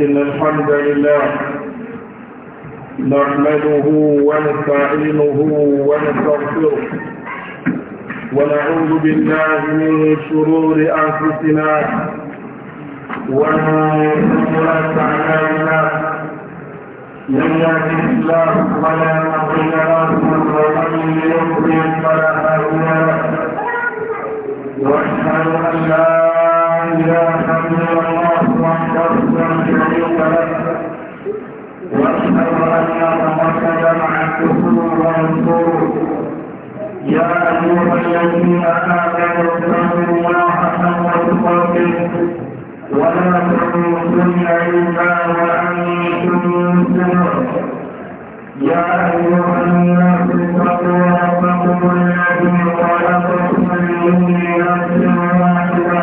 إن الحمد لله نحمده ونستعينه ونستغفره ونعوذ بالله من شرور أنفسنا ومن سيئات أعمالنا من يهده الله فلا مضل له ومن يضلل فلا هادي له واشهد أن لا إله إلا الله وحده لا شريك له وأشهد أن محمدا عبده ورسوله يا أيها الذين آمنوا اتقوا الله حق تقاته ولا تموتن إلا وأنتم مسلمون يا أيها الناس اتقوا ربكم الذي خلقكم من نفس واحدة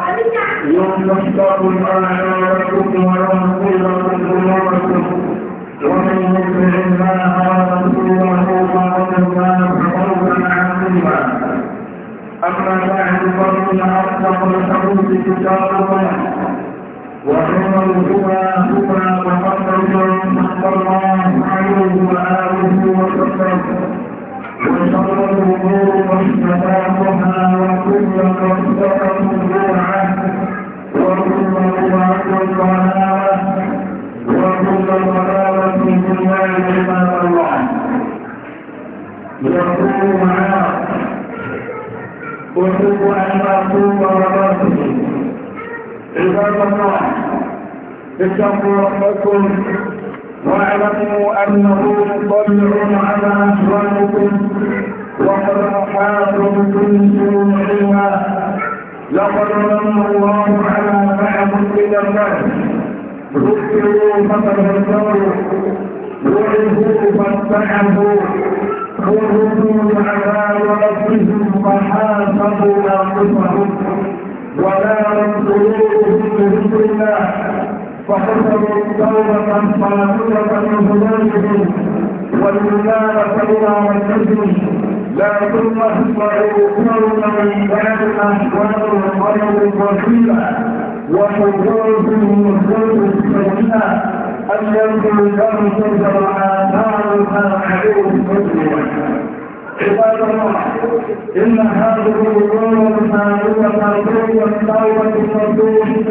يوم لكم آياتكم ويغفر لكم ذنوبكم ومن يطع الله ورسوله فقد فاز فوزا عظيما أما بعد فإن أصدق الحديث كتاب الله وخير الهدى هدى محمد صلى الله عليه وآله وسلم وشرطه محدثاتها وكل محدثة بدعة وكل بدعة ضلالة وكل ضلالة في النار كما الله يقول معاذ أحب أن أقوم برباطه عباد الله اتقوا ربكم واعلموا أنه مطلع على أسراركم وقد بكل سوء لقد من الله على بعض من الناس ذكروا فتذكروا وعظوا فاتعبوا خذوا العذاب ربهم فحاسبوا انفسهم ولا ينصروه بذكر الله فكتبوا توبة فاقدة من ذنوبهم والولادة إلى مسجدهم لكن اصبحوا قوما بين احوال غير قصيرة وحضورهم نفوس سيئة التي لم تزرع آثارها عليهم مسلما عباد الله إن هذه الأمور حالية حالية توبة الرسول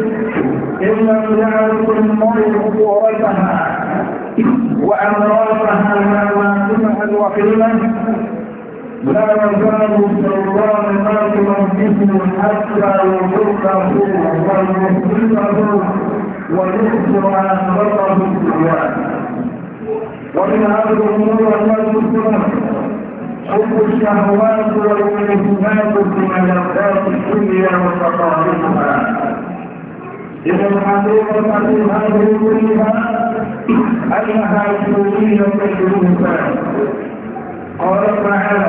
إن لم بلاد المرء صورتها وأمراضها مواسمها وقيمة لا يزال الشيطان قاتلا به حتى يضره ويصيبه ويكثر آخرته الدنيا ومن هذه الأمور التي حب الشهوات والالتفات في ملذات الدنيا وتقاربها إذا الحقيقة في هذه كلها أنها سورية الإنسان قال تعالى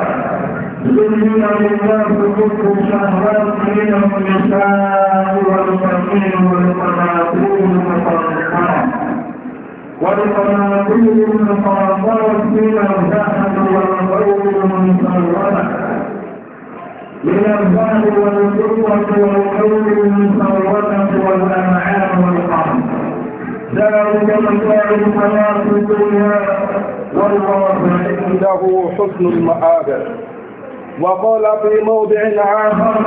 سلم لله حب الشهوات من النساء والبنين والقناطير والقنطرة ولقناطير المقاطرة من الذهب والغير المسومة من الذهب والفضة والأنعام والقمر ذلك متاع الحياة الدنيا والله عنده حسن المآب وقال في موضع آخر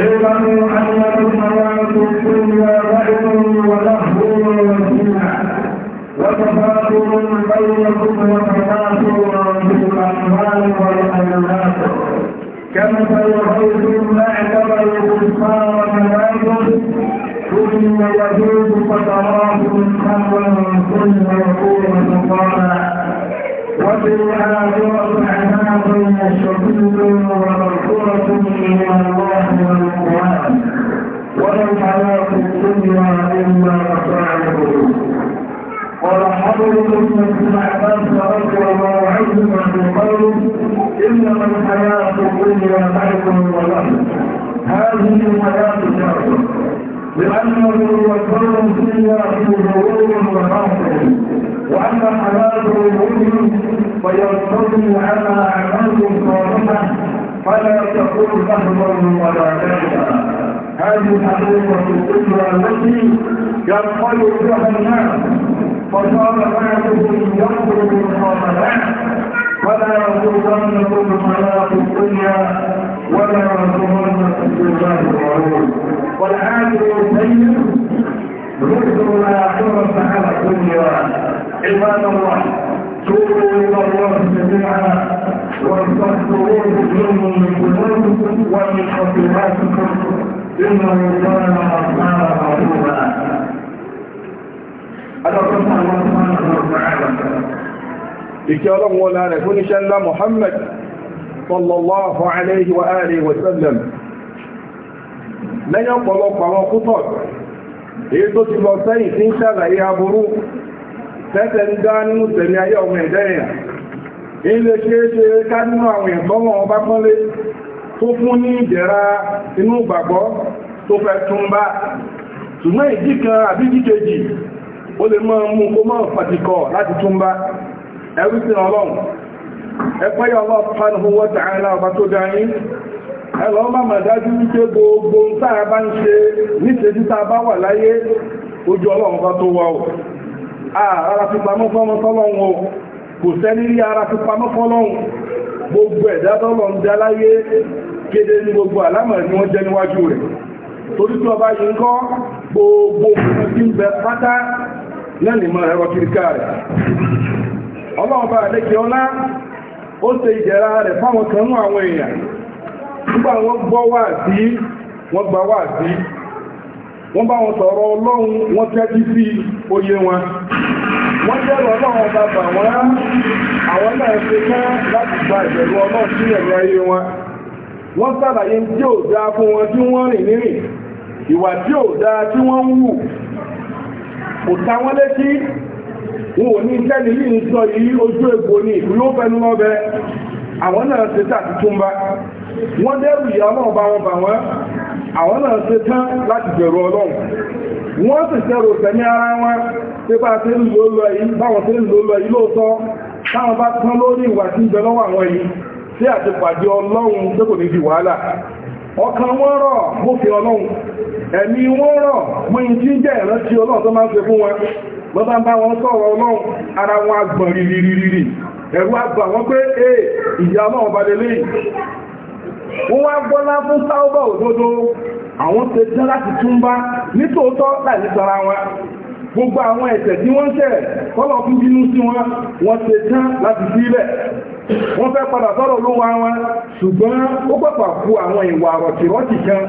اعلموا أن الحياة الدنيا لعب ولهو وزينة وتفاخر بينكم وتكاثر في الاموال والاولاد كمثل غيث اعتب الكفار تنازل ثم يجوز فتراه خمرا ثم يقول سلطانا وفي الاخره عذاب شديد ومغفره من الله والقران ولو حياه الدنيا الا متاع قال حضرت ابن عباس رضي الله عنهما قوله انما الحياه الدنيا لعب ولهو هذه الحياه الدنيا لانه يذكر فيها في غرور وخاطر واما حياه الغرور فينتظم على اعمال صالحه فلا تكون لحظا ولا ليلا هذه الحقيقه الكبرى التي ينقل بها الناس وقال بعضهم ينظر بالخاملات ولا تظنكم الحياة الدنيا ولا تظنكم بالله الغرور والعاجل السيء رزق الآخرة على الدنيا عباد الله توبوا إلى الله جميعا واستغفروه ظلم من ذنوبكم ومن خطيئاتكم إنه كان غفارا غفورا ìkẹ́ ọlọ́run wọn lára fún iṣẹ́ ńlá Muhammad sallallahu alayhi wa alihi wa sallam lẹ́yìn ọ̀pọ̀lọpọ̀ àwọn kútọ̀ èyí tó ti lọ sẹ́yìn tí ń ṣàlàyé aburú tẹ́tẹ̀ ń dá nínú tẹ̀lé ayé ọmọ ẹ̀dẹ́yà ilé ṣeéṣe ká nínú àwọn ẹ̀gbọ́n ọba pọ́nlé tó fún ní bá ṣùgbọ́n ó lè máa mú kó máa fàtíkọ̀ láti túnbá ẹrùsìn ọlọ́run ẹgbẹ́yà subhanahu wa ta'ala ọba tó dáyín ẹlọ́ má mà dájú wípé gbogbo táà bá ń ṣe níṣẹ́jú táà bá wà láyé ojú ọlọ́run bá tó wà ó gbogbo ẹ̀dá tí ń bẹ pátá náà ni máa ẹwọ kìríkà rẹ̀ ọlọ́ọ̀bá àlékè ọlá ó ṣe ìjẹ̀ra rẹ̀ fáwọn kan nú àwọn èèyàn nígbà wọ́n gbọ́ wà sí wọ́n gbà wà sí wọ́n bá wọn sọ̀rọ̀ ọlọ́run wọ́n tẹ́jú sí oyé wọn wọ́n jẹ́rọ ọlọ́run ọba bà wọ́n àwọn náà ṣe kán láti gba ìbẹ̀rù ọlọ́run sí ẹ̀rọ ayé wọn wọ́n sàlàyé tí ò dáa fún wọn tí wọ́n rìn nírìn ìwà tí ò dáa tí wọ́n ń wù kò ta wọ́n létí wọn ò ní sẹ́ni yìí ń sọ yìí ojú ègbò ní ìlú fẹnu lọ́bẹ àwọn náà ṣe tà tuntun bá wọ́n dẹ́rù ìyá ọlọ́run bá wọn bà wọ́n àwọn náà ṣe tán láti bẹ̀rù ọlọ́run wọ́n sì ṣẹ̀rù sẹ́ni ara wọn pé bá ṣe ń lò lọ yìí báwọn ṣe ń lò lọ yìí lóòótọ́ táwọn bá tán lórí ìwà tí ń bẹ lọ́wọ́ àwọn yìí sí àti pàdé ọlọ́run tó kò ní di wàhálà ọkàn wọn rọ̀ mú fi ọlọ́run ẹ̀mí wọn rọ̀ mú ìjí jẹ́ ìrántí ọlọ́run tó máa ń ṣe fún wọn wọ́n bá wọn sọ̀rọ̀ ọlọ́run ara wọn agbọ̀n rìrìrìrì ẹ̀rù agbà wọn pé èè ìyá ọlọ́run bá wọ́n òdodo àwọn gbogbo àwọn ẹ̀ṣẹ̀ tí wọ́n ṣẹ̀ kọ́lọ̀ fún bínú sí wọn wọ́n ṣe tán láti sílẹ̀ wọ́n fẹ́ padà sọ́rọ̀ ló wá wọn ṣùgbọ́n ó pẹ̀pà kú àwọn ìwà rọ̀tìrọ̀tì kan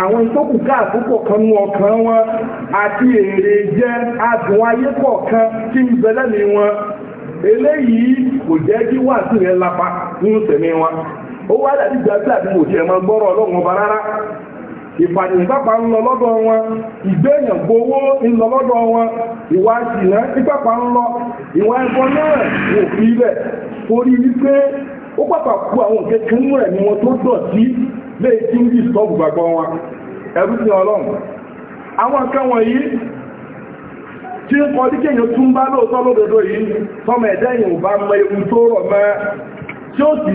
àwọn ìtókù káàkókò kan ní ọkàn wọn àti èrè jẹ́ adùn ayé kọ̀ọ̀kan tí ń bẹ̀lẹ̀ ní wọn eléyìí kò jẹ́ kí wà sí rẹ̀ lápá nínú tẹ̀mí wọn ó wá dàbí gbàgbé àti mò ìpànìyàn pápá ń lọ lọ́dọ̀ wọn ìgbéyàn gbowó ń lọ lọ́dọ̀ wọn ìwà ìsìnà pípàpà ń lọ ìwà ẹ̀kọ́ náà wò fi rẹ̀ torí ó pàpà àwọn kẹkẹ ń rẹ̀ ni wọn tó dọ̀tí lè ń gbàgbọ́ wọn ẹ̀rú ọlọ́run àwọn tí ń kọ́ tún bá lóòótọ́ lódodo yìí tọmọ ẹ̀dẹ́yìn ò bá mọ ewu tó rọ̀ tí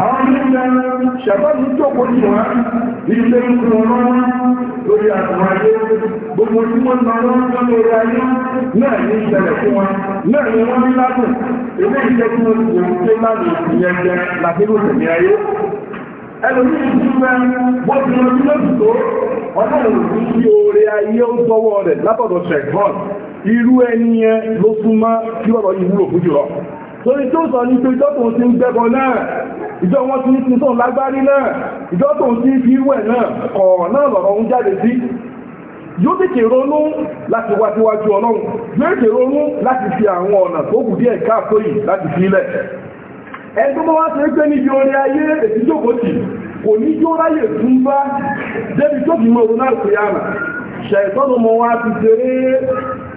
àwọn ilé ìjọ ṣàbábí tó kò ní wá ilé ìkùn wọn lórí àwọn ayé gbogbo tí wọ́n na wọ́n tó lórí ayé náà ní ìṣẹ̀lẹ̀ fún wọn náà ni wọ́n ní lábùn ilé ìjọ tí wọ́n ti wọ́n tó lábùn ìyẹn jẹ láti ló tẹ̀lé ayé ẹlòmí ìdúpẹ́ bó ti lọ sí lóṣù tó ọ̀nà òbí sí oore ayé ó sọ́wọ́ rẹ̀ látọ̀dọ̀ ṣẹ̀gbọ́n irú ẹni yẹn ló súnmọ́ kí ọ̀rọ̀ yìí torí tí ó sọ ní pé ìjọ́ tó ń ti ń gbẹ́bọ náà ìjọ wọn ti ń ti sọ lágbárí náà ìjọ tó ń ti fi wẹ̀ náà ọ̀rọ̀ náà lọ̀rọ̀ ń jáde sí yóò tètè ronú láti wá síwájú ọlọ́run yóò tètè ronú láti fi àwọn ọ̀nà tó kù díẹ̀ káàtó yìí láti fi ilẹ̀ ẹgbẹ́ bá wá ṣe pé níbi orí ayé ètìjókòtì kò ní jó ráyè tún bá débi tó fi mọ̀ ronú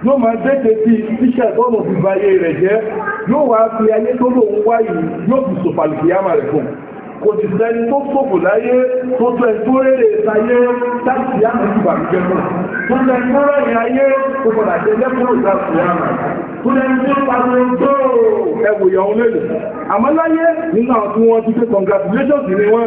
yóò máa dẹ́tẹ̀ sí iṣẹ́ ìtọ́nà fi ba ayé rẹ̀ jẹ́ yóò wá fi ayé tó lóun wá yìí yóò fi sòfò àlùkìyàmà rẹ̀ fún kò sì sẹ́ni tó sòfò láyé tó sọ ẹni tó rèrè sáyé láti yá àti ìbàmí jẹ́ náà tó sẹ́ni tó rẹ̀yìn ayé tó padà jẹ́ lẹ́kọ̀ọ́ ìdásùnyàmà tó sẹ́ni tó pariwo tó ẹwòyàn olóòlù àmọ́ láyé nínú àwọn tí wọ́n ti pé congratulations ni wọ́n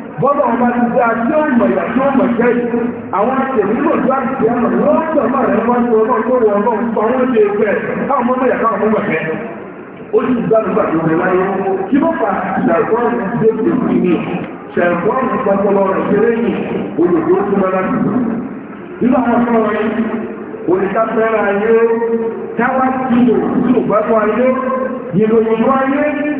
bọ́lá ọba ti dá tí ó mọ̀ ìyá tí ó mọ̀ jẹ́ yìí àwọn àtẹ̀mí ẹ̀mọ̀ rẹ̀ tó pa wọ́n ẹgbẹ́ káwọn káwọn ó sì láyé kí ló fà ṣàìkọ́n dé tèmi ni ṣàìkọ́n pọpọlọ rẹ̀ kéré ni olùdó tó mọ́ láti nínú àwọn ọ̀sán wọn yìí ayé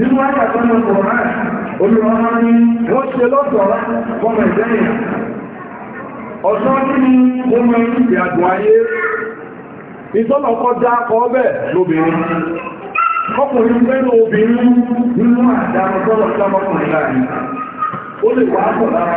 nínú àtàkọ́nà kọ̀ọ̀rán olùrànlọ́ ni wọ́n ṣe lọ́tọ̀ọ́lá fọmọ ìjẹ́yìn ọ̀sán nínú ọmọ ìyàgbọ́ ayé ìtọ́lọ̀kọ́ já kọ́ bẹ̀ lóbìnrin ọkùnrin mẹ́rin obìnrin nínú àdára tọ́lọ̀ láàrin ó lè wá pọ̀ lára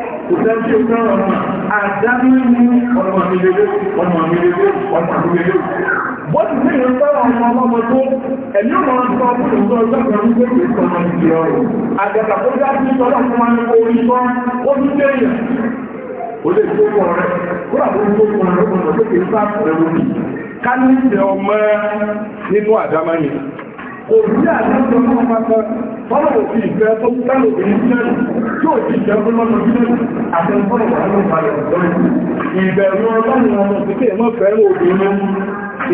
kò sẹ́ńtì ọ̀gá ọ̀nà àdámínú ọ̀nà àmìlélé ọ̀nà àmìlélé ọ̀nà àmìlélé. wọ́n ti ní ìrìn sára ọmọ ọmọ tó ẹ̀yìn ọmọ ọmọ ọmọ ìlú ọjọ́ kan ní pé kò sọ̀rọ̀ ìdí ọ̀rọ̀ àgbàkà tó dá sí sọ́dọ̀ fún wa ní orí sọ́ ó ní lẹ́yìn ó lè tó pọ̀ rẹ̀ kó àbúrò tó pọ̀ rẹ̀ ó kàn lọ́ òbí àjọ́jọ́ náà pàtàkì fọ́nà òfin ìfẹ́ tó ń tẹ́lò òbí jẹ́rù tí ò ti jẹ́ fún lọ́nà jẹ́rù àti fọ́nà wà ní ìpàdé ọ̀dọ́rì ìbẹ̀rù ọlọ́run ọmọ òsìkè mọ́ fẹ́rẹ̀ obìnrin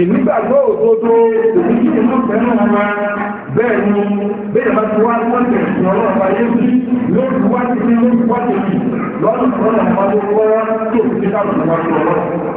ìnígbàgbọ́ òdodo òsìkè mọ́ fẹ́rẹ̀ ọmọ bẹ́ẹ̀ ni bẹ́ẹ̀ bá ti wá lọ́sẹ̀ ìrọ̀lọ́ àbáyé sí lóòrùn wá sí ní lóòrùn wá sí lọ́nà fọ́nà ọmọdé wọ́n tó ti ká lọ́nà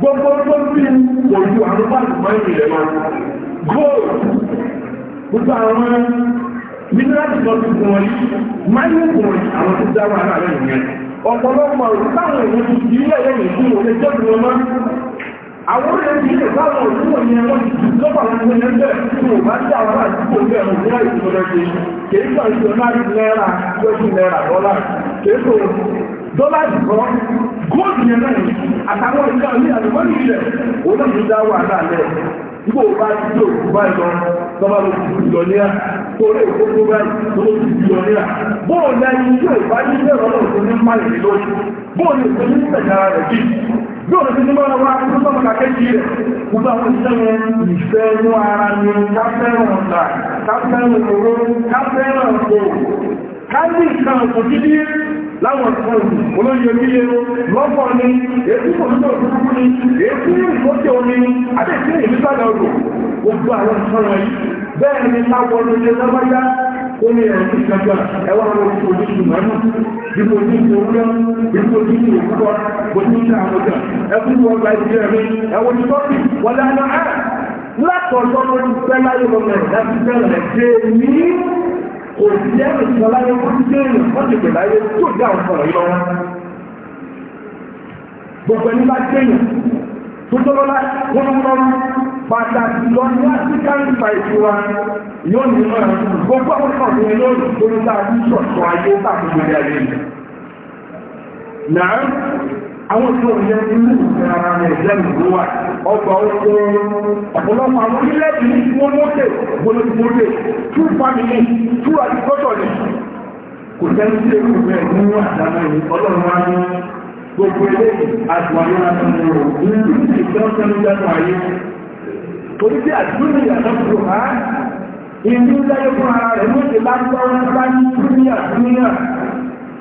gbogbo gbogbo gold gbogbo tó dá wà láàrin ìyẹn ọ̀pọ̀lọpọ̀ táwọn èèyàn ti di ilé ẹ̀yẹ yìí fún wọlé jẹ́ fún ọmọ àwọn orí ẹni ilé ti di àwọn bá dé àwọn àdúgbò góòlù yẹn náà àtàwọn ìgbà ní àlùmọ́nì ilẹ̀ òun náà ti dá wà láàlẹ́ ìgbò bá ti tó òkú báyìí lọ lọ́ba ló ti bìlọ̀ ní à torí òkú báyìí tó ló ti bìlọ̀ ní à bóò ní ẹni tí ò bá ní ilé ìrọ̀lọ́ òkú ní má lè lórí bóò ní òkú ní ìtẹ̀jára rẹ̀ bí bí òun ti ní máa wá tó sọ́mọ kàkéjì rẹ̀ kó bá wọn ṣiṣẹ́ wọn ìfẹ́ inú ara ni ká fẹ́ràn ọ̀tà ká fẹ́ràn òró ká fẹ́ràn òkú káàdì nǹkan kò sí ní láwọn ọ̀sán olóyè onílé lọ́pọ̀ ni èkú kò ní òkúrúkú ni èkú ìgbókè omi ni adéṣí ìlúsàlẹ̀ ọ̀rọ̀ gbogbo àwọn nǹkan wọ̀nyí bẹ́ẹ̀ ni táwọn olóyè lábájá ó ní ẹ̀rọ tó ṣàgbà ẹwà àwọn oṣù oníṣù mẹ́nu ipò ní ìṣòwúrọ́ ipò ní ìṣòwúrọ́ kò ní ìṣẹ́ àwọn ọjà ẹkú wọn gba ìṣẹ́ mi ẹwọ ní tọ́kì wọlé àná ẹ̀ látọ̀ọ́tọ́ ló ti fẹ́ láyé lọ́mọ ẹ̀ láti fẹ́ rẹ̀ dé ní kò sí ẹ̀rọ ìṣọ́ láyé wọ́n ti dé èèyàn wọ́n ti pè láyé tó dé àwọn sọ̀rọ̀ yìí lọ́wọ́ gbogbo ẹni bá dé èèyàn tó tọ́lọ́ lá wọ́n ń pàtàkì lọ ní african fight wa yóò ní ọ̀rọ̀ gbogbo àwọn ọ̀sẹ̀ yẹn lórí torí bá a ti sọ̀tọ̀ ayé bá gbogbo ilé ayé àwọn tí ó yẹ inú ìrara rẹ̀ lẹ́nu ló wà ọgbà oko ọ̀pọ̀lọpọ̀ àwọn orílẹ̀-èdè ní wọ́n mọ́tẹ̀ gbọ́lọ́gbọ́lẹ̀ two family two agriculture ni kò sẹ́ni tí èkó rẹ̀ nínú àdáná yìí ọlọ́run wá ní gbogbo eléyìí àtìwáyé àtúnú rẹ̀ nínú ìgbẹ́sẹ̀mí lẹ́nu ayé torí pé àdúgbò ìyàtọ̀ kò há ìlú lẹ́yìn fún ara rẹ̀ mọ́tẹ̀ lágbára bá ní dúníà dúníà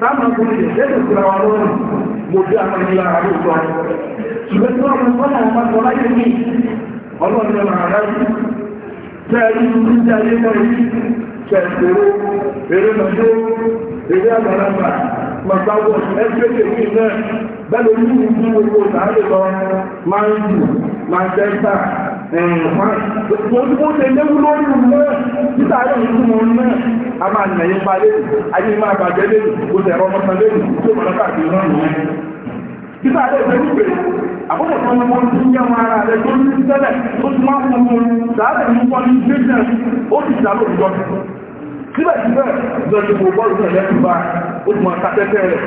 táwọn ọmọ ìlú lẹ́sẹ̀ síra wa lọ́rùn mo bí àwọn ìlú ara ló sọ ṣùgbọ́n tí wọ́n mọ̀ náà wọ́n sọ láyé mi ọlọ́run ní ọmọ àrá yìí tẹ́ẹ̀rí ní ti ayé mọ́ yìí tẹ̀sẹ̀rọ eré lọ́jọ́ eré àgbàlagbà mọ̀sáwọ̀ ẹgbẹ́gbẹ́ mi náà bẹ́ẹ̀ ní ìlú gbogbo ìdáhùn lọ máa ń jù máa ń tẹ́sà ẹ̀ẹ̀fà gbogbo ṣe léwu lórí ìlú náà títà ayé ìtumọ̀ náà a máa nà yín pa lẹ́nu ayé máa bàjẹ́ lẹ́nu kò tẹ̀rọ ọmọ kan lẹ́nu tó mọ̀ lọ́kà sí ọ̀nà ìwọ̀n. títà lè fẹ́ wípé àkókò kan ni wọ́n ti ń yẹ wọn ara rẹ̀ tó ń tẹ́lẹ̀ ó ti máa fún un sàárẹ̀ ní wọ́n ní gbẹ́sẹ̀ ó ti sàárò ìjọ síbẹ̀síbẹ̀ lọ́dún kò bọ́ọ̀lù náà lẹ́kùn bá ó ti mọ̀ kátẹ́kẹ́ rẹ̀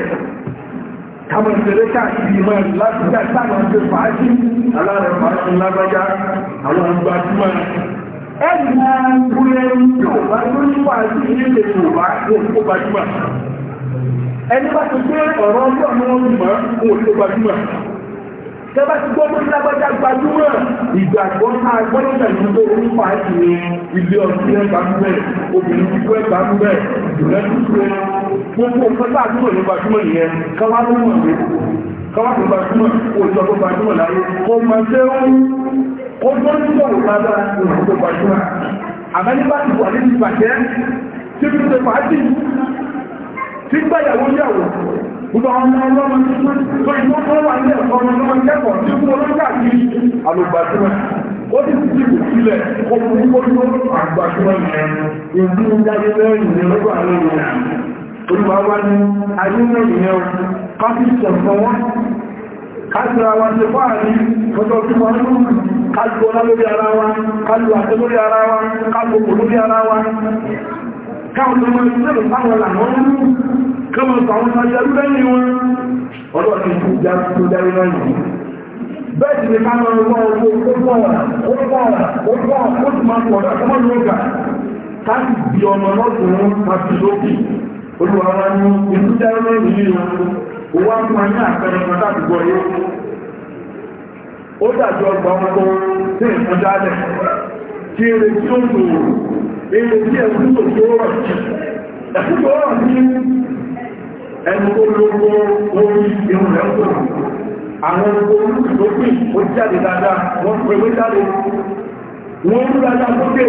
kàmọ̀ ìṣẹ̀lẹ̀ káàkiri ìmọ̀ láti ká sáàmù àti fàájì alárẹ̀ fàájì lágbájá àwọn àgbà ẹ̀rì máa ń gúrẹ́ yóò bá yóò nípa sí ilé Yorùbá òun kó gbajúmọ̀ ẹni bá ti gbé ọ̀rọ̀ ọjọ́ àwọn ọmọ òun kó gbajúmọ̀ tẹ́bá ti gbọ́ fún lágbájá gbajúmọ̀ ìgbàgbọ́ náà gbọ́dọ̀ ní tó ń fa ìlú ilé ọtí ẹgbà ń bẹ̀ obìnrin ti kú ẹgbà ń bẹ̀ ìrẹ́ ti kú ẹ gbogbo nǹkan tá a túmọ̀ ní gbajúmọ̀ nìyẹn káwá tó mọ̀ ní káwá tó gbajúmọ̀ kó sọ tó gbajúmọ̀ láyé kó mọ ṣé ó ń kó tó ń sọ̀rọ̀ lára òṣù tó gbajúmọ̀ àmọ́ nígbà tí wà nínú ìbàjẹ́ gbogbo àwọn ọmọ ọlọ́run tó ìlú tó wà ní ẹ̀kọ́ ọmọ ọmọ ìkẹ́kọ̀ọ́ tí ó kú olóńgbà kí alùgbàjúmọ̀ ó ti ti dìbò sílẹ̀ ó fún un kójú àgbàjúmọ̀ yẹn ìlú ń dájú lẹ́yìn ní lọ́gbà lórí olùwà wá ní ayélujára yẹn káfíńsì ọ̀sán wọn kájúra wa ṣe fáàrí ọjọ́ tí wọ́n mú kájú ọlá lórí ara wa kájú àti lórí ara wa kájú òkú lórí ara wa káwọn ọmọ ìṣẹ́lẹ̀ fáwọn làwọn mú kọ́mọ̀ pàwọn ti ọmọ ọmọ lọ́dún àti lókè olùwà wa ní ìlú jẹ́rọ yìí o wá ń pa ní àpẹẹrẹ kan láti ẹnukó lóko orí ìrùn rẹ̀ ń pò àwọn olùsókè ó jáde dáadáa wọ́n pèwé jáde wọ́n ń dájá lókè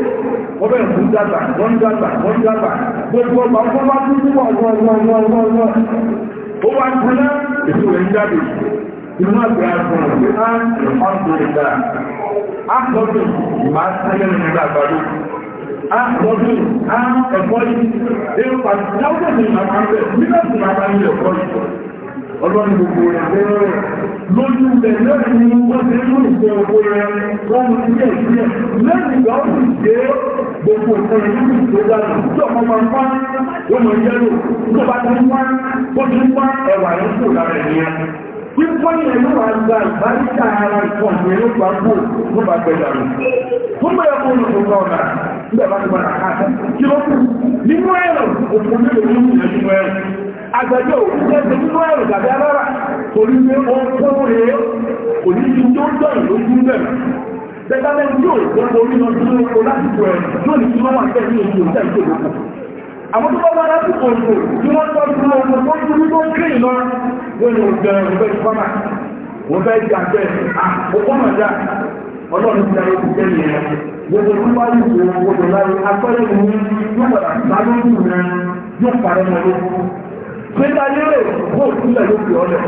wọ́n bẹ̀rẹ̀ fún dàgbà wọ́n ń dàgbà wọ́n ń dàgbà gbogbo ọgbà wọ́n bá tún wọ̀ wọ́n wọ́n wọ́n wọ́n wọ́n ó wá ń kúnná èso rẹ̀ ń jáde inú àgbẹ̀ àgbọ̀n pé á ń ọ̀dọ̀ ìgbà á sọ́dọ̀ ìmá sẹ́yẹ̀ nígbà àgbàdo á lọ́dún á ẹ̀kọ́ yìí èrò pàtó láwùjọ sí màmá ń bẹ̀ nígbà tí màmá ń lè ẹ̀kọ́ yìí ọlọ́run gbogbo ìgbéró rẹ̀ lójú rẹ̀ lẹ́yìn ni wọ́n ti mú ìfẹ́ owó rẹ̀ wọ́n mú ilé ìfẹ́ lẹ́yìn ìgbà ó sì dé gbogbo ìfẹ́ ìlú ìgbéga tí ọmọ máa ń pa ó mọ yẹ́lò tó bá ti ń pa ó ti ń pa ẹ̀wà rẹ̀ kò lára ènìyàn tí pọ́yìn ẹ̀ yóò wá gba ìbáríkà ara ìfọ̀n ìlú pàápọ̀ ló bá gbẹ̀dà rẹ̀ tó bẹ̀rẹ̀ kó lùkọ́ ọ̀nà nígbàbá ti gbọ́nà àkáàtà kí ló kù nínú ẹ̀rọ òfin ní òun ní ìyẹn ẹ̀rọ àgbẹ̀jọ́ òṣìṣẹ́ nínú ẹ̀rọ tàbí alára torí pé ó ń kó rèé kò ní ju tó ń dọ̀rọ̀ lójú bẹ̀rẹ̀ tẹ́tàlẹ́ yóò gbọ́ orí lọ sí oko láti pọ̀ ẹ̀rọ yóò ní kí wọ́n wà tẹ́ ní ojú òṣìṣẹ́ ìjọba àwọn tó bá bá láti pọ̀ òṣò tí wọ́n tọ́ sí ọmọ tó ọlọ́run ti dáyé ti tẹ́lẹ̀ gbogbo tí wọ́n yìí wò gbogbo láyé agbẹ́rẹ́ ìwé yóò padà sáré ìlú rẹ yóò parẹ́ mọ́ lóko. ṣé táyé rẹ̀ kó sílẹ̀ ló fi ọlẹ̀.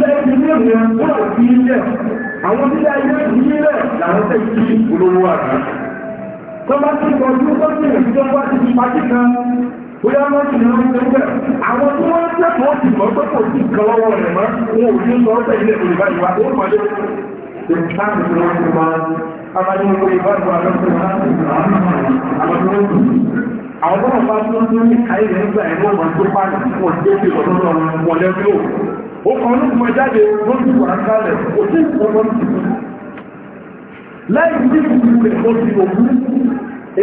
ilé ti ní èdè wọ́n àti ilé àwọn nílé ayé ti ní ilé làwọn tẹ̀ sí olówó àgbà. tọ́ba ti sọ ojú sọ́ọ̀tì ìjọba ti fi pàtí kan bóyá wọ́n ti lọ sí ẹgbẹ́ àwọn tí wọ́n tẹ̀kọ́ ti mọ́ pé kò sí ìkan lọ́wọ́ rẹ̀ mọ́ wọn ò ní sọ ọ́ Àwọn ọmọ bá tó tó ní àìrẹ̀ nígbà ẹ̀mọ́ wọn tó pàdé fún ọdún tó wọ́n lọ́rọ̀ wọn lẹ́rí ò. Ó kan ní ọmọ jáde lórí wà sálẹ̀, ó tí ìpọ̀lọ́ ti fún. Láì tí ìpínlẹ̀ ó ti òkú,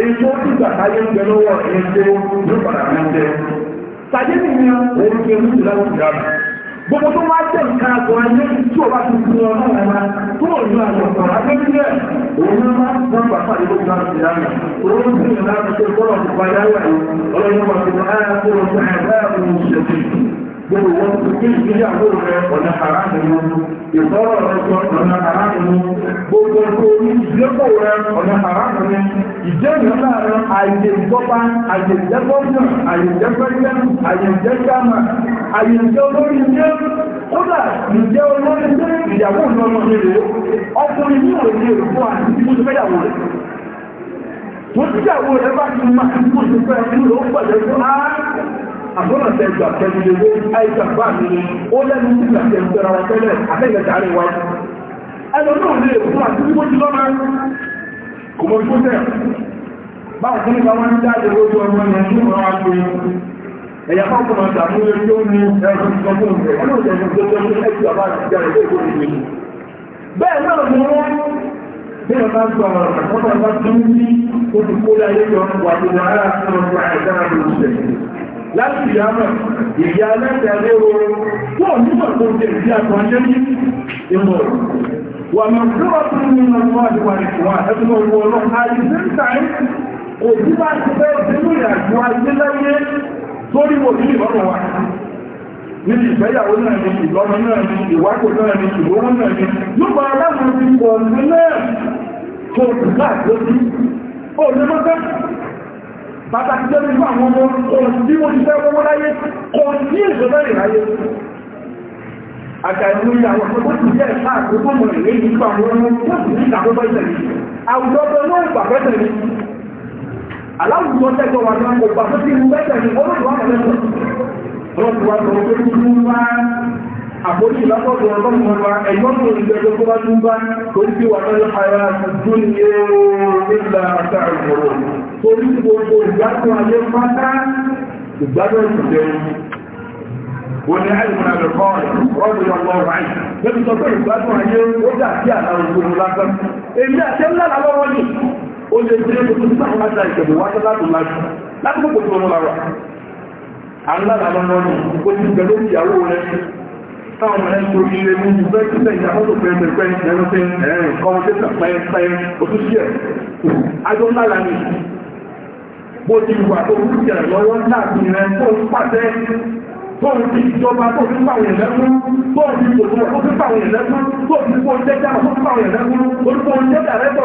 èyí tó ti gbàtayé ń bẹ lọ́wọ́ ẹ̀ẹ́ gbogbo tó máa jẹ́ nǹkan àgbọ̀ ayé tí o bá ti fi ọ náà wá tó o yọ àgbọ̀ abẹ́rẹ́ òun máa ń gbọ́n bàbá àdúgbò náà ti dá mi òun ń gbìyànjú láti ṣe bọ́ọ̀lù fún ayáwá yìí ọlọ́run wà fún ayáwá tó o ṣe àgbà gbogbo wọn tó kí ìgbéyàwó rẹ ọ̀nà àráàmù wọn ìfọ́rọ̀ rẹ sọ ọ̀nà àráàmù wọn gbogbo tó ní ìdẹ́kọ̀ rẹ ọ̀nà àráàmù wọn ìjẹ́nìyànlá rẹ àyèjẹ́gbọ́pá àyèjẹ́gbọ́nà àyèjẹ́gbẹ́jẹ́ àyèjẹ́gbàmà àyèjẹ́ olórí ilé kódà ìjẹ́ olórí ilé ìyàwó ìlọ́nà rere ọkùnrin ní òye ìrùkọ́ àbúrò tẹ̀gbà tẹ̀gbìlẹ̀gbẹ̀ àìsàgbà mi ó lẹ́nu nígbà tẹ̀gbẹ̀rẹ̀ wọn tẹ́lẹ̀ àtẹ́gbẹ̀ta rẹ̀ wá ẹnu náà lè fún àti bí wọ́n ti lọ́nà kò mọ̀ ìfún tẹ̀ báwọn tó nípa wọn jáde lójú ọmọ ní ọdún ọmọ wa pé ẹ̀yà fọ́kùnrin ọ̀dàmú lórí ó ní ẹ̀rọ ìsọgbọ́n rẹ̀ ẹ̀rọ ìsọgbọ́n rẹ̀ ẹ̀jọ̀ bá ti jáde lójú ọmọ ìlú bẹ́ẹ̀ náà ni wọ́n bí ọba gbọ́ ọ̀rọ̀ àkọ́kọ́ bá tún ní ó ti kó láyé lọ wà ní wàhálà tó ń gba ẹ̀dá àbúrò ṣẹ̀yìn láti ìyámọ̀ ìyá alẹ́tẹ̀ẹ́lẹ́ oòrùn tó nígbà tó jẹ́ ìdí àtọ́jẹ́ ní ìmọ̀ wà mọ̀ tó wà tó ní ọmọ àdíwà ìwà ẹgbẹ̀rún ọlọ́run àìsíntà òbí bá ti fẹ́ sínú ìrìnàjò ayé láyé torí wò ní ìlọ́rùn wa níbi ìgbéyàwó náà ni ìlọ́run náà ni ìwákò náà ni ìlówó náà ni nígbà aláwọ̀ ti pọ̀ sí náà tó kù láàrín lójú ó ní mọ́tẹ́ pàtàkì jẹ́ nínú àwọn ọmọ ọ̀rọ̀ tí mo ti fẹ́ ọmọ láyé kọ sí ìṣọ́lẹ̀ ìráyé àgbàìmú ìyàwó ọmọ tó jẹ́ ẹ̀ṣà àkókò mọ̀ ìwé nípa àwọn ọmọ tó sì ní ìdàkọ́bọ̀ ìtẹ̀lẹ̀ àwùjọ ọmọ náà pàpẹ́ tẹ̀lẹ̀ aláwùjọ tẹ́gbọ́ wa náà kò pàpẹ́ sí ìwú bẹ́tẹ̀ ní olóòtú wà àforíjì látọ̀dọ̀ ọlọ́run ọba ẹ̀yọ́ tó ń gbẹgbẹ́ tó bá tún bá torí pé wà lọ́jọ́ ara tó ní ẹ̀ẹ́dẹ́gbà àtàrà ìgbòho torí gbogbo ìgbádùn ayé pátá ìgbádùn ìjẹun wọ́n àìmọ̀nà lẹ́kọ́ ọdún ọlọ́rọ̀ àìyí lẹ́bí sọ pé ìgbádùn ayé ó dà sí àlàrò gbogbo lásán èmi àti ńlá lọ́wọ́ ní o lè jẹ́ tuntun sáwọn lára àńlá lọ́wọ́ ní ti bẹ̀rẹ̀ ìyàwó rẹ̀ táwọn ọmọ ẹni tó fi ṣe ní ìgbẹ́ ìpínlẹ̀ ìyàwó pẹ́ẹ́pẹ́ ẹ̀rọ pé ẹ̀rìn kọ́wọ́ tẹ́tà pẹ́ẹ́pẹ́ òtún sí ẹ̀ ajọ́ ńlá la ní bó ti wà tó ń jẹ lọ́wọ́ láti rẹ̀ tó ń pàṣẹ tó ń fi ìjọba tó fi pàwọn ìlẹ́kùn tó ń fi òṣùwọ̀ tó fi pàwọn ìlẹ́kùn tó fi kó jẹ́jà tó fi pàwọn ìlẹ́kùn orúkọ jẹ́jà rẹ̀ tó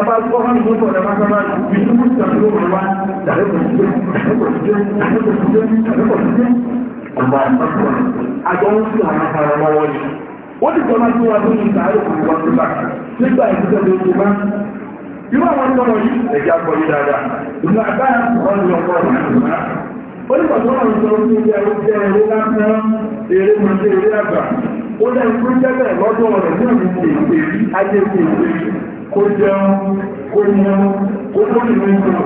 ọba àgbọ̀ wọn ló bọ̀ lọ́wọ́ sábà bí tó kùtù àti ló wà dàrẹ́kọ̀tìdé dàrẹ́kọ̀tìdé dàrẹ́kọ̀tìdé dàrẹ́kọ̀tìdé ọba àgbọ̀ wọn sí àwọn afárá lọ́wọ́ ni wọ́n ti sọ́nà tó wà lórí ìtàrí òkú wọn tó bá nígbà ìdíjẹ́ ló ti bá irú àwọn sọ̀rọ̀ yìí ẹ̀jẹ̀ àpọ̀ yìí dáadáa ìgbà àbáyà wọn lọ kọ́ ọ̀rọ̀ àtùmá ó ní pàtó wọn sọ fún ilé ẹ̀rọ jẹ́ ẹ̀rọ lásán eré mọ̀tẹ́ eré àgbà ó lẹ́yìn tó jẹ́ bẹ́ẹ̀ lọ́dọ̀ rẹ̀ ní kó jẹun kó yẹun kó lórí mẹ́sàn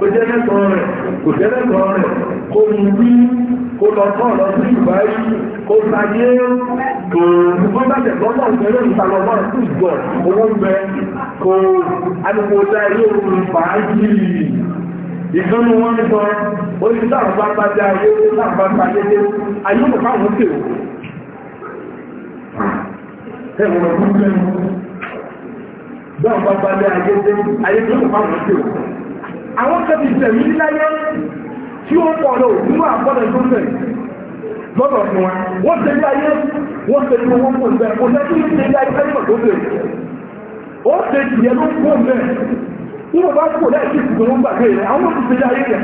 kó jẹ́ lẹ́tọ̀ọ́ rẹ̀ kò jẹ́ lẹ́tọ̀ọ́ rẹ̀ kó mú bí kó lọ tọ́ lọ sí ìbáyé kó sáyé kò ìgbónú wọn ń bọ oníṣẹ́ àwọn bá ayé láàrín bá bá yé ayé òun fáwọn tèwò ẹ̀wọ̀n ọdún lẹ́nu bọ́ọ̀ bá bá lé ayé dé ayé tó kò máa wọ́n sí o. àwọn kẹfì ìṣẹ̀lú níláyé tí ó pọ̀ lọ nínú àkọọ́lẹ̀ tó fẹ̀ lọ́dọ̀ fún wa wọ́n ṣe ní ayé wọ́n ṣe ní owó kò ń bẹ̀ kò lẹ́tí ní ṣe ní ayé tẹ́lẹ̀ tó fẹ̀ ó ṣe ìyẹn ló kó ń bẹ̀ tí mo bá kò lẹ́ẹ̀kí ìṣòro ń gbàgbé rẹ̀ àwọn òkú ṣe ní ayé rẹ̀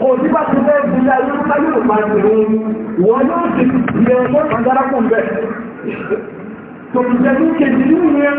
kò sí bá ti fẹ́ ṣe ní ayé láyé kò máa ṣe òun ìwọ yóò ṣe ìyẹn lọ́sàn-án dára kò ń bẹ̀ tòmìtẹ́ ní kejì nínú yẹn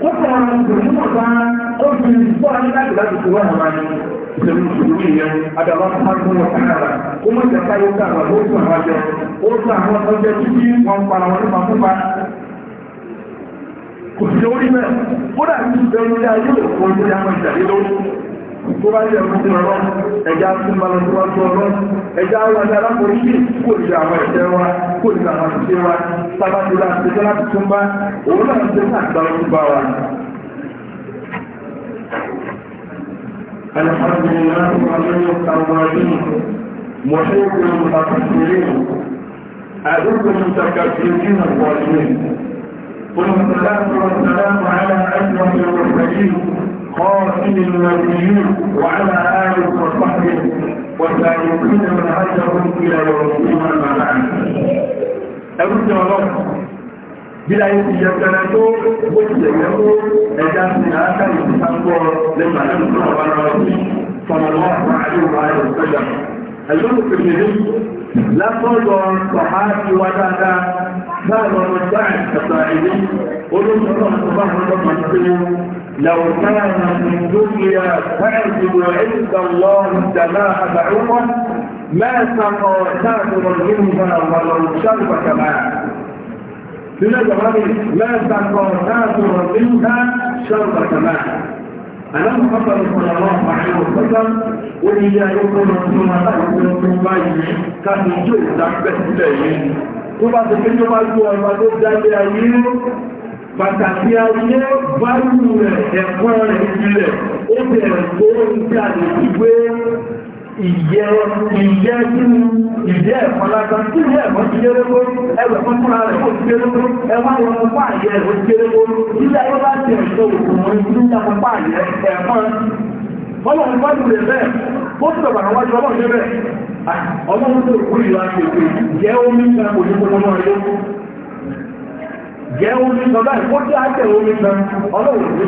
kókò àwọn ìgbòmímọ̀ bá ó fi bọ́ ayé láti láti fi wọ́n àwọn ayé ìṣèlú ìṣòro ìyẹn adàlọ́ sáfún wọn kára ó mọ̀ ìjọba yóò ká àwọn ó sàn wájọ ó sàn àwọn ọjọ́ títí wọn para kò sí orí mẹ́rin kódà ní ìbẹ̀rù ilé ayé òkú ọjọ́ yàrá ìjàdé lórí tó bá yẹ ọdún sí ọlọ́ ẹjá tún bá lọ síwájú ọlọ́ ẹjá wájú alákòóṣì kò lè àwọn ẹ̀ṣẹ̀ wa kò lè àwọn àṣìṣe wa sábà ti láti tún bá òun náà ṣe ní àgbà ọdún bá wa. Alhamdulillah wa lórí ọ̀tàwọ̀rìn محيط المتفكرين أعوذ المتكبرين الظالمين والصلاة والسلام على أشرف المرسلين قاتل النبيين وعلى آله وصحبه والتابعين من هجرهم إلى يوم الدين أما بعد أرجو الله bila yìí yẹ kẹlẹ tó bó ti yẹ kó ẹja sí aka yìí ká gbọ́ lẹ́gbàá lẹ́nu tó wà lọ sí fọmọlọ àwọn àdéhùn ayọ̀ sọjà ẹ̀yọ́ ló fi lè lásọ̀lọ̀ sọ̀há ti wá dáadáa náà lọ́rọ̀ dáì kàtà èyí olóṣèlú àti bá wọn lọ́pàá ti pé لو كان من دنيا فعز عند الله سماء بعوضا ما سقى سافر الجنة ولو شرب كماء هنا جمالي ما سقى سافر الجنة شرب كما الم محمد صلى الله عليه وسلم وإذا يكون ثم تكون ثم كان يجوز أن تكون ثم تكون ثم تكون ثم تكون pàtàkì ayé báyìí rẹ̀ ẹ̀kọ́ rẹ̀ ìpìlẹ̀ ó bẹ̀rẹ̀ tó ń jáde wípé ìyẹ́ ìyẹ́ kí ni ìyẹ́ ẹ̀kọ́ lágbàá kí ni ẹ̀kọ́ ti lé lóko ẹ̀wẹ̀ fún fúnra rẹ̀ kó ti lé lóko ẹ̀wọ́n àwọn ọmọ fún àyẹ̀ ẹ̀kọ́ ti lé lóko ilé ayé bá ti ẹ̀ṣọ́ òkú wọn ní ìyàpọ̀ fún àyẹ̀ ẹ̀kọ́ ọlọ́run bá ti rẹ̀ bẹ́ẹ̀ ó ti bàbà àwọn wájú ọlọ́run bẹ́ẹ̀ ọlọ́run tó kú ìlànà ìjẹ́ omi ìgbà òyìnbó lọ́mọ ẹ̀yọ́ jẹun ní sọ̀dá ìkọ́jú àjẹ́ omi kan ọlọ́run ní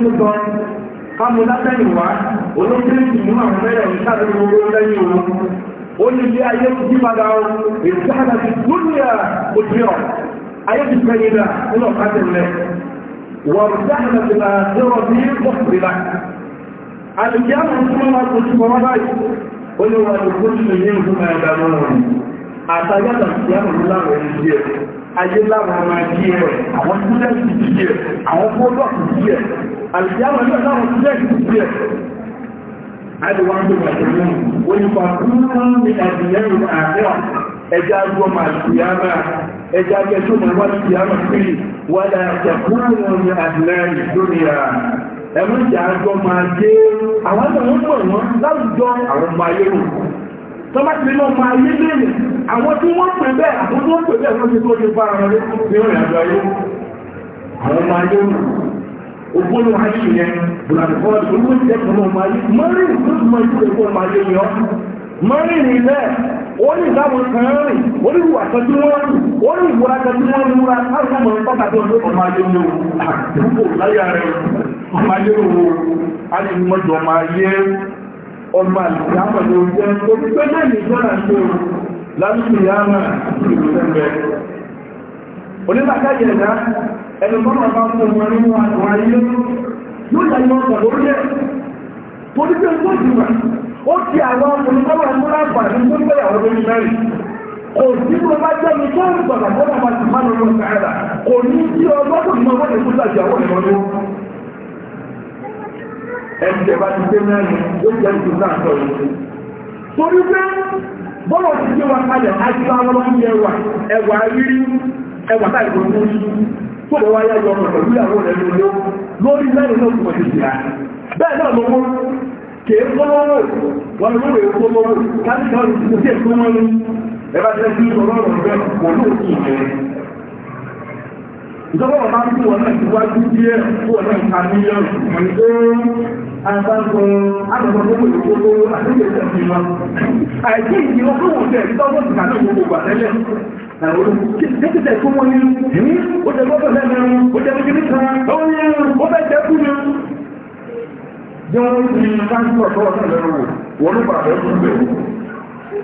fún kámo látẹ̀yìn wá olóńgbèsì mú àwọn mẹ́rẹ̀ ń sáré owó lẹ́yìn wọn ó ní ilé ayé ti yí padà ó èsì àdàbí lónìyà òjì ọ̀ ayé ti pẹ̀yìn dà nínú ọ̀ká tẹ̀lẹ̀ wọ́n ti àdàbí là ń rọ̀ ní pọ̀sìlì là àlùkí àwọn tí wọ́n máa tó ti kọ́ wá báyìí ó ní wọn àdùkú àtàgbàtà sí àwọn ìlànà ẹni díẹ̀ ayé láwọn ọmọ díẹ̀ àwọn túnlẹ̀sì díẹ̀ àwọn fọ́lọ́pù díẹ̀ àlìyàwó ẹgbẹ́ láwọn túnlẹ̀sì díẹ̀ àdìwọ́n tó wà nínú onípa kúrú ní àdìyẹ́rù àárẹ̀ ẹjá gbọ́ máa ṣìyàmà ẹjá gẹ́jọ́ máa wá ṣìyàmà pìlì wà láàrín kúrú ní àdìyẹ́rù lórí ẹ̀mú ìjà àjọ máa dé àwọn àwọn ọmọ wọn láwùjọ àwọn ọmọ ayé wọn tọ́bá ti lọ máa yé bèèrè àwọn tí wọ́n pè bẹ́ẹ̀ àwọn tí wọ́n pè bẹ́ẹ̀ wọ́n ti tó ṣe fara rẹ̀ ní ọ̀rẹ́ àjọ ayé àwọn máa yé òun ògbónú ayé yẹn bùràdìkọ́ ìlú ìjẹ́kùn náà máa yé mọ́rin ìlú ìmọ̀ ìlú ẹ̀kọ́ máa yé yọ mọ́rin ilẹ̀ ó ní ìdáwọn kan rìn ó ní ìwà kan tí wọ́n rìn ó ní ìwúra kan tí wọ́n ń múra láti mọ̀ ní pàtàkì ọdún ọmọ ayé ní o àdúgbò láyà rẹ̀ ọmọ ayé òun a lè mọ́jọ ọmọ ayé ọmọ àlùkà pẹ̀lú jẹ́ orípẹ́ náà ní ìjọ́nà ṣe lásìkò yára ìrùsẹ́gbẹ́ onílàkáyẹ̀ ẹ̀dá ẹni mọ́nà bá fún ọmọ nínú àwọn ayé yóò yàyí wọn pẹ̀lú orí ẹ̀ torí pé ó ti wà ó ti àwọn ọkùnrin tọ́wọ́ ẹ̀mú láǹfààní tó gbé àwọn ọdún mẹ́rin kò sí mo bá jẹ́ mi tó ń gbọ̀gbọ̀ bọ́lá bá ti má lọ́wọ́ káàdà kò ní bí ẹ̀jẹ̀ bá ti dé mẹ́rin ó jẹ́ ìtúsí àtọ̀ yìí. torí pé bọ́lọ̀ ti gbé wa kalẹ̀ àjùbá wọn ní ẹwà ẹwà rírí ẹwà tó yí tó wáyé ọjọ́ ọ̀rọ̀ pẹ̀lú ìyàwó rẹ̀ lórí mẹ́rin náà bẹ́ẹ̀ náà ló mú kèé wọn ló wèé ìjọba bàbá ń kúwọ̀ náà ìwájú díẹ̀ kúwọ̀ náà ìka mílíọ̀nù mọ̀lẹ́ pé àgbàgbọ̀ àgbàgbọ̀ tó wòye gbogbo àtúnyẹ̀ tẹ̀ sí wọn. àìsí ìdíwọ́ tó wò tẹ̀ tọ́gbọ́n ti kàná hmm? gbogbo gbà tẹ́lẹ̀ Dókítà tó wọ́n ní ó jẹ gbọ́dọ̀ lẹ́nu ó jẹ gbígbí kan ó ní ó fẹ́ jẹ kú ni. Jọ́n ti ká ń sọ̀tọ̀ ọ̀sán wò, wọ́n ló bàbá ẹ̀ bẹ̀rù.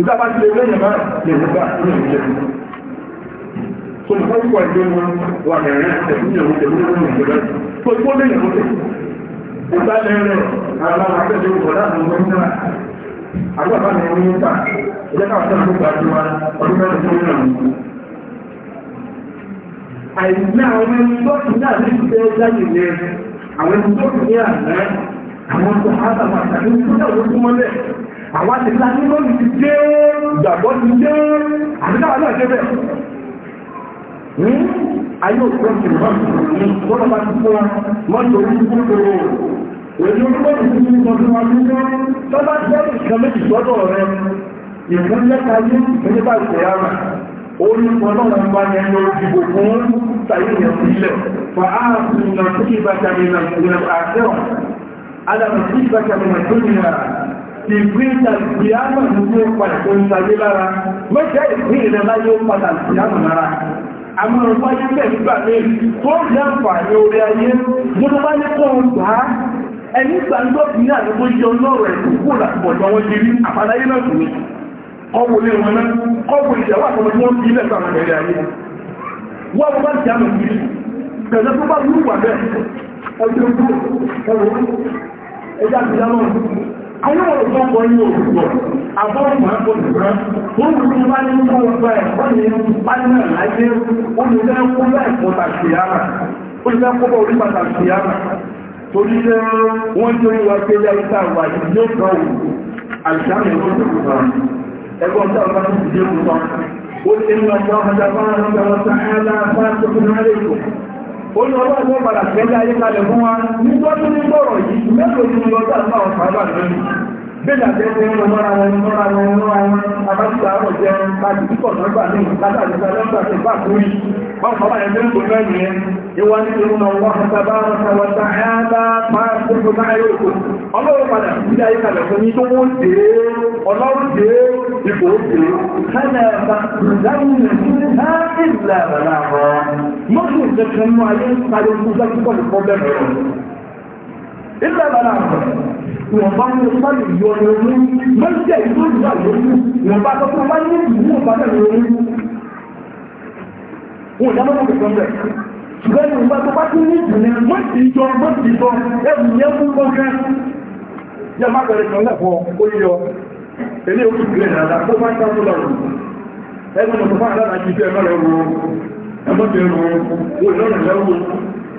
nke bá ti lè lẹ́yìn máa lè gbà ní ìjẹ́ tó ní fún ìwà ìjọ wọn wà lẹ́rẹ́ tẹ̀síyàwó tẹ̀síyàwó ìjọba tó ní fún lẹ́yìn lókè ìgbà lẹ́rẹ́ àwọn akẹ́kọ̀ọ́ ìwọ̀dá àwọn àtẹ̀lá ní lónìí ti dé ìgbàgbọ́ ti dé àdínáwà náà dé bẹ́ẹ̀ ní hmm? ayé òpópó náà ní wọ́n bá ti fún wa mọ́tò orúkú tó rò èyí orúkọ tó ti sọ fún wa nínú tó bá jẹ́ ìkan méjì sọ́dọ̀ rẹ ìmúlẹ́ka yé nígbà ìṣẹ̀yàmà orúkọ náà bá yẹn lọ dìbò fún sàyé yẹn sílẹ̀ fàáàfin náà tó kí bàtà nínú àṣẹ́wà alàmì sí bàtà nínú àṣẹ́wà ìpín ìtàlùkìyàmọ̀ ní tí ó pa ìpín ìtàlé lára mẹ́jẹ́ ìpín ìrẹ́lá yóò padà lára àmọ́ ìwáyé pẹ̀lúgbà ní tó lẹ́fà ní orí ayé mo tó bá ní kó ń gbà á ẹni gbàgbọ́ bí yọ lọ́rọ̀ wọn náà ní ọwọ́ ilé wọn náà ọwọ́ bá ti pẹ̀lú tó bá wúwà bẹ́ẹ̀ àwọn ọ̀gbọ́n kọ ní òkúgbọ̀ àbọ́ọ̀mù àpọ̀jùrán wọ́n kò tún bá ní ń bọ́ ọgbà ẹ̀kọ́ ní pálínà láyé olùfẹ́ kó láìpọ̀ tàṣíyàmà olùfẹ́ kó bọ́ orí pàtàṣíyàmà torí jẹ́ wọ́n tó ní wa pé yáyíká wà yóò kọ́ wù àṣàmì ẹgbọ́n tó bá ti dé kú tán ó ní ẹni ọjọ́ ọjọ́ bá ń lọ́wọ́ sáà Olú ọlọ́run tó padà tẹ́lẹ̀ ayé kalẹ̀ fún wa, nígbọ́n tó ní Bẹ́ẹ̀ni àti ẹgbẹ́ ń lọ mọ́ra wọn mọ́ra wọn mọ́ra wọn abájúgbà ọ̀rọ̀ jẹun láti púpọ̀ lọ́gbà ní látàrí lọ́gbà ní bá kúrì. Wọ́n kọ́ báyẹ̀ tó ń kò yẹn. Ìwà ní ìlú náà wọ́n sábà máa yóò kò. Ọlọ́run padà sí ayé kalẹ̀ fún tó wọ́n dé ọlọ́run dé ipò dé. ní ìlà wọ́n bá ní ọgbà lè yọ ọ̀nà ọ̀nà mọ́tẹ́ ìlú ìgbà lóyún wọ́n bá bá ní ìlú lóyún. Wọ́n bẹ̀. Ṣùgbọ́n ní tó bá tún ní ẹ̀rù yẹn fún kọ́kẹ́. Yẹ má bẹ̀rẹ̀ kan yọ. Èlé oṣù tó bá ń tán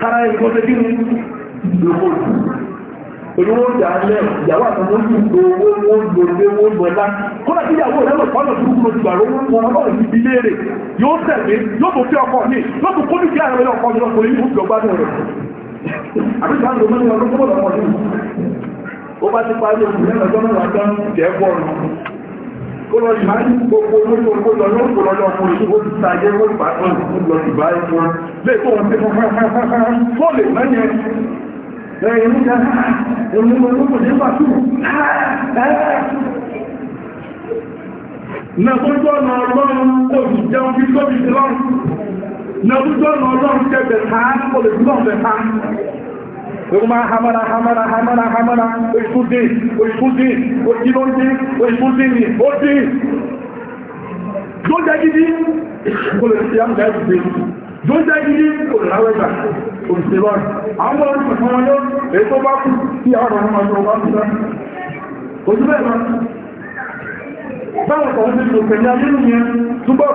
kára ẹgbọ́n tó kí ní ìlòkòlù olówó ìdálẹ̀ ìyàwó àtàwọn olùgbò owó lòdé owó lọ́lá kọ́nà tí ìyàwó ìlẹ́lọ̀ pọ́nà burúkú ló ti gbà rówó wọn ọlọ́rọ̀ ìbí léèrè yóò tẹ̀lé yóò tó fi ọkọ mi yóò tó kó dúkìá rẹ̀ ọkọ mi lọ́kọ yìí fún ìjọba rẹ̀ àbí sáà ló mẹ́rin ọdún tó bọ̀ lọ́kọ yìí ó bá ti parí oṣù mẹ́rin ọjọ́ mẹ́wàá dán jẹ́ ó lọ ìmá ní gbogbo olóko ó lọ lọ́pọ̀ lọ́lọ́ ọmọ ìṣú ó ti ta ayé ó ìgbà ó lọ ìgbà ẹ̀kọ́ lè tó wọn ti fọ́ lè mọ́ yẹn ẹ̀yìn ní ká ẹ̀mú olóko ní pàtó nàbójọ́ ọ̀nà ọlọ́run kò sì jẹun bí tóbi sí lọ́rùn nàbójọ́ ọ̀nà ọlọ́run jẹ́ bẹ̀ta kò lè gbọ́n bẹ̀ta Pẹ̀lú máa hamara hamara hamara hamara oṣù dín oṣù dín oṣù ló dín oṣù dín ní ó dín. Ló jẹ́ gidi kò lè ṣe àmì láti gbé. Ló jẹ́ gidi kò lè ráwẹ́ gbà òṣèlú ọ̀rọ̀. Àwọn ọmọ ọmọ wọn yóò èyí tó túbọ̀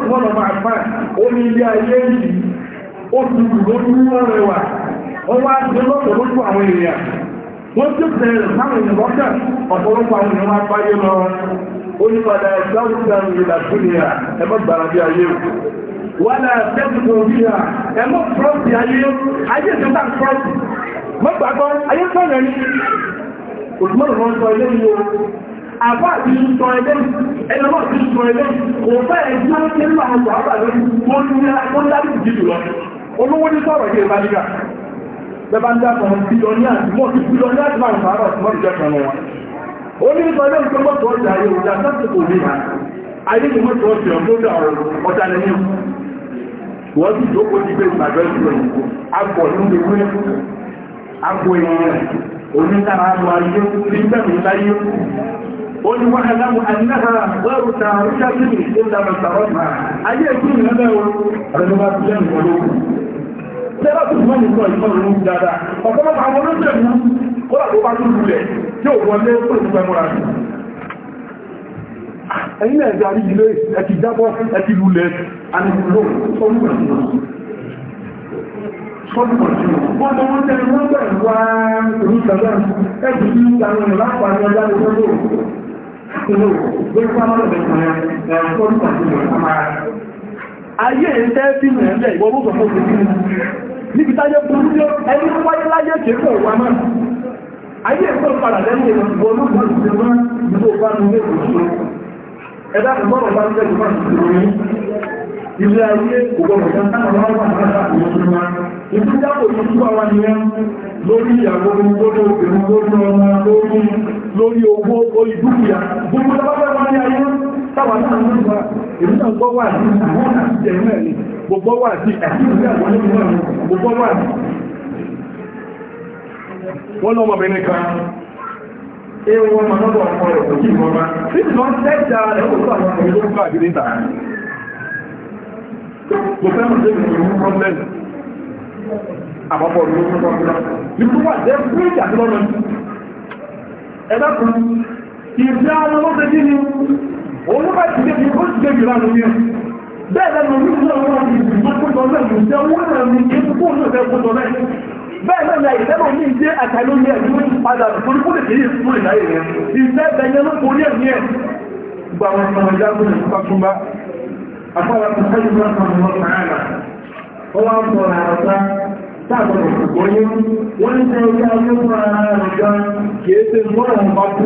fún ọ̀nà máa fà ó ní ilé ayé yìí ó ti lò wọ́n wá gbé lọ́pọ̀lọpọ̀ àwọn ya. wọ́n tó bẹ̀rẹ̀ fáwọn èèyàn lọ́jà ọ̀pọ̀lọpọ̀ àwọn èèyàn máa báyé lọ onípadà ní ní bẹ́bá ń dákọ̀ wọn bílọ́ní àti mọ́ọ̀tì bílọ́ní àti máa ń fàárọ̀ sí mọ́ọ̀tì jẹ́ kan wọn. ó ní nípa ilé ìpín mọ́tò ọjà ayé òjà sásìkò ní ha ayé ni mọ́tò ọjà ọ̀dọ́dà ọjà ní ní wọ́n sì jókòó ti gbé ìgbàgbọ́ ìgbà àgbọ̀ ní ewé àgbọ̀ ènìyàn onítara àgbọ̀ ayé ní bẹ́ẹ̀ láyé ó ní wọ́n ẹ̀lámù àdínára lọ́rù tààrí ṣáàbí ìlú tẹ́lá tó mọ́ nìkan ìmọ̀ ìlú dáadáa ọ̀pọ̀lọpọ̀ àwọn olóṣèlú kọ́lá tó bá tún lulẹ̀ tí ò wọlé tó ń fẹ́ múra sí ẹ̀yìn ẹ̀dà rí ilé ẹ̀kì jábọ́ ẹ̀kì lulẹ̀ anìkúlò sọ́lùmọ̀ sí wọ́n tó wọ́n tẹ́lẹ̀ wọ́n bẹ̀rẹ̀ wá ìrúsẹ̀lẹ̀ ẹ̀kì tí ó tàbí lápàá ọjọ́ ìjọ́ ìlú lórí pàmọ́lẹ̀ ẹ̀kọ́ ayé ìrìntẹ́ sínú ẹ̀lẹ́ ìwọ̀lọ́sọ̀ fún òṣèlú níbi táyé burú ní ẹni wáyé láyé kéèkó wà máa ayé ìkó padà lẹ́yìn ìwọ̀lọ́sọ̀ òṣèlú máa ń gbogbo bá ní ilé òṣèlú ẹ̀dá ìgbọ́rọ̀ bá ń tẹ́jú máa ń ṣe ilé ayé ògbọ̀rọ̀ kan táwọn ọmọ wà ní àṣà òṣèlú máa ìgbéjáwò yìí tú àwọn ènìyàn lórí ìyàwó gbogbo obìnrin lórí ọmọ lórí owó orí dúkìá gbogbo lọ́wọ́ wọn ní táwọn náà ń wá èmi náà gbọ́ wà ní àwọn àti ẹ̀rọ ẹ̀mí gbogbo wà sí àti ìlú àwọn ẹ̀mí náà gbogbo wà sí. wọ́n lọ́mọ obìnrin kan ẹ wọ́n máa lọ́dọ̀ ọkọ rẹ̀ kò kí ìmọ̀ra títí wọ́n tẹ́jà rẹ̀ ó àwọn ọmọ ìlú káàkiri ìta. kò fẹ́ràn tó ìlú ìlú pọ́ńtẹ́lì àpapọ̀ ìlú fún ìjà tó òun ló bá ti débi ó ti débi lánàá yẹn bẹ́ẹ̀ lẹ́nu orí náà wọ́n ti ìgbìmọ̀ kótó náà ló jẹ́ owó náà ní kéṣù kó náà fẹ́ kótó náà bẹ́ẹ̀ náà la ìlẹ́nu omi ń jẹ́ àtàlẹ́ omi ẹ̀mí ó ti padà torí kó lè kéyè sùn ìláyè yẹn ìfẹ́ bẹ̀yẹ ló torí ẹ̀mí ẹ̀ gba àwọn ọmọ ìyá tó lè fipá tún bá afọ́wà tó sáyé wọn kan wọn kàánà ó wá ń bọ̀ àrọ̀ta táàbọ̀ òkùnkùn yẹn wọ́n ń tẹ́ ilé ayé fún ara rẹ̀ gan kì ṣe mọ́ràn bá kú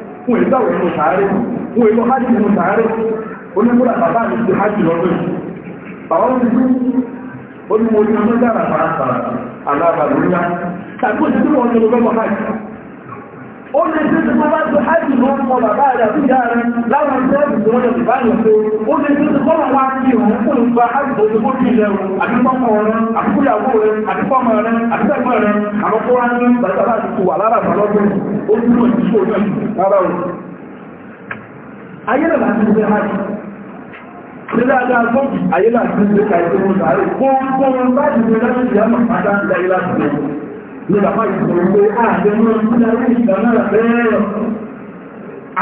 fún èyí báwọn ìlú sàárè fún èyí hajj ìlú sàárè onígbòdà bàbá mi ti hajj lọ́dún bàbá mi ti ó ní mo ní ọdún dára ó lè tí tí wọ́n bá tó hajji lọ mọ bàbá rẹ̀ àti ìyá láwọn sẹ́ẹ̀bù tó wọ́n lè bá lọ ó lè tí wá sí tó ti kó sí ilẹ̀ àwọn kó ayé ní bàbá ìṣòro pé ah, àjẹmọ́ ìdílé ìgbà náà bẹ́ẹ̀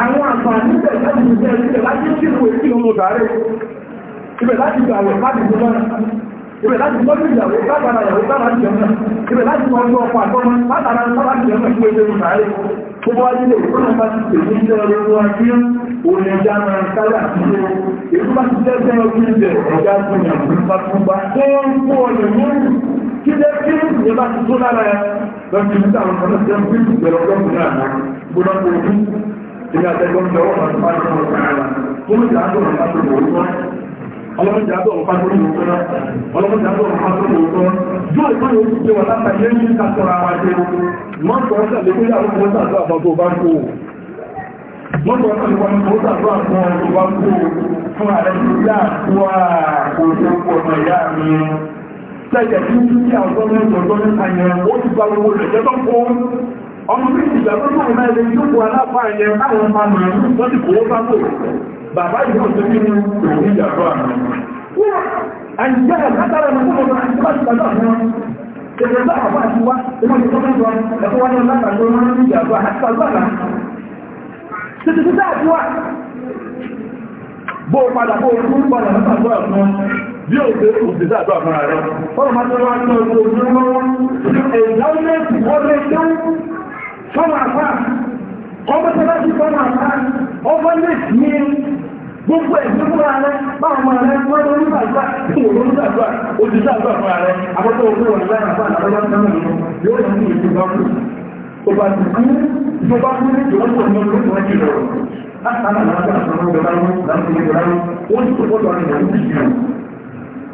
àwọn àǹfààní bẹ̀ láti ọkọ̀ àtọ́mọ́ látara kí lè kí ìyẹn bá ti tó lára ẹ lọ́sí ní àwọn ọmọ ṣe ń bí ìgbẹ̀rẹ̀ ọlọ́run náà náà gbọ́dọ̀ tó kú ìyẹn tẹ́jẹ̀ tí ó ti àwọn ọjọ́ nípa yẹn ó ti gba owó rẹ̀ jẹ́ tó kọ́ ọmọ bí ìgbà tó kọ́ ìmá ilé tó kọ aláfà yẹn láwọn ọmọ àmà tó ti kọ́ bá tó bàbá ìlú ọ̀sẹ̀ nínú òní ìjàgbọ́ àmà àìjẹ́ àtàrà ẹ̀mọ́ tó lọ́wọ́ àti bá ti gbàdọ̀ àwọn Ìjọba àwọn àbá àti wá, ìmọ̀ ìjọba ẹ̀kọ́ wá ní ọlá àgbàdo wọn ní ìjàgbá àti àgbàlá. Títí títí àti wá, bó padà bó orúkú padà lọ́pàá bí o ṣe òṣè sàdó àmọ́ra rẹ̀ fọ́nà máa tọ́lá ní ọjọ́ ojúmọ́ ìdáwọ́lẹ́sì wọ́n lè jẹ́ fọ́nà àfá ọmọ́sẹ́lẹ́sì fọ́nà àfá ọmọ́lẹ́sì ní gbogbo ẹ̀sìn fúnra rẹ̀ báwọn ọmọ rẹ̀ wọ́n lórí sàdúrà tí wọ́n lórí sàdúrà òṣè sàdúrà fúnra rẹ̀ àkọ́kọ́ ojú wọn láì àfá àtàlọ́lá sánà yóò rẹ̀ ní ètò bá kú tó bá ti kú tó bá kú ní ìwọ́n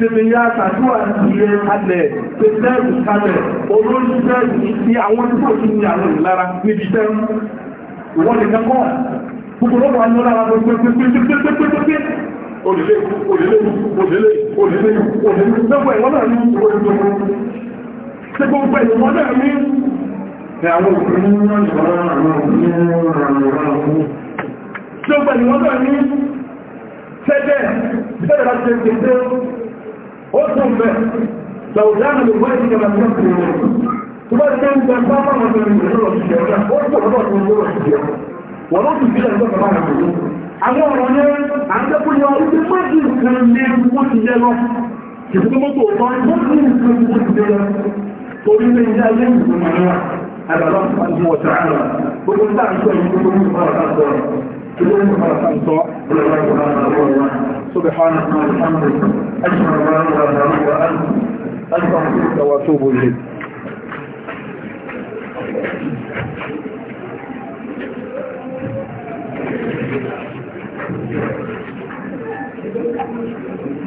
tèmi ya tàdúrà ìyẹ kalẹ̀ tẹ̀sẹ̀rù kalẹ̀ olóṣìṣẹ́rù ti àwọn tí kò tún ní àwọn ìlara níbi tẹ́ wọ́n lè kẹ́kọ́ gbogbo lọ́wọ́ àwọn ọlọ́ra wọn pẹ́pẹ́pẹ́pẹ́pẹ́pẹ́ olèlé olèlé olèlé olèlé olèlé gbogbo ẹ̀wọ́n náà ní olùdókòó ṣe gbogbo ẹ̀wọ́n náà ní àwọn òkùnrin náà ní ọ̀rọ̀ àwọn òkùnrin náà وصل به لو دعنا بالوجه كما تنفر تبقى كان تنفر مرة من الجرة الشيارة وصل حضرت من الجرة الشيارة ورد كده لبقى معنا بالوجه àwọn ọ̀rọ̀ ní àjẹ́kùn yọ orí tó jù kan ní wọ́n ti jẹ́ lọ ìfẹ́ mọ́tò ọ̀tọ́ tó ní ìfẹ́ wọ́n ti jẹ́ lọ torí pé ìjẹ́ ayé ìgbìmọ̀ náà àgbàlọ́ سبحانك وبحمدك أشهد أن لا إله إلا أنت أستغفرك وأتوب إليك Thank you.